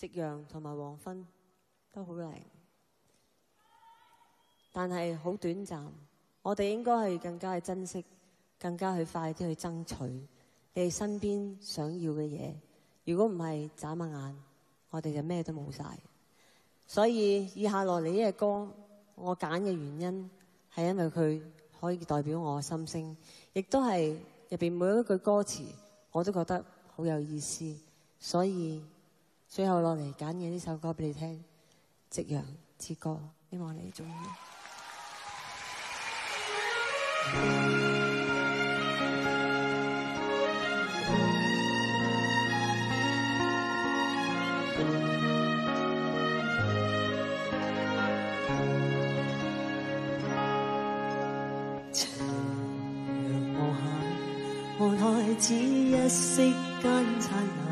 夕陽同埋黃昏都好靚，但係好短暫。我哋應該係更加係珍惜，更加去快啲去爭取你哋身邊想要嘅嘢。如果唔係眨下眼，我哋就咩都冇晒。所以以下落嚟呢個歌，我揀嘅原因係因為佢可以代表我嘅心聲，亦都係入邊每一句歌詞我都覺得好有意思，所以。最後落嚟揀嘅呢首歌俾你聽，《夕陽之歌》，希望你中意。夕陽無限，無奈只一息間燦爛。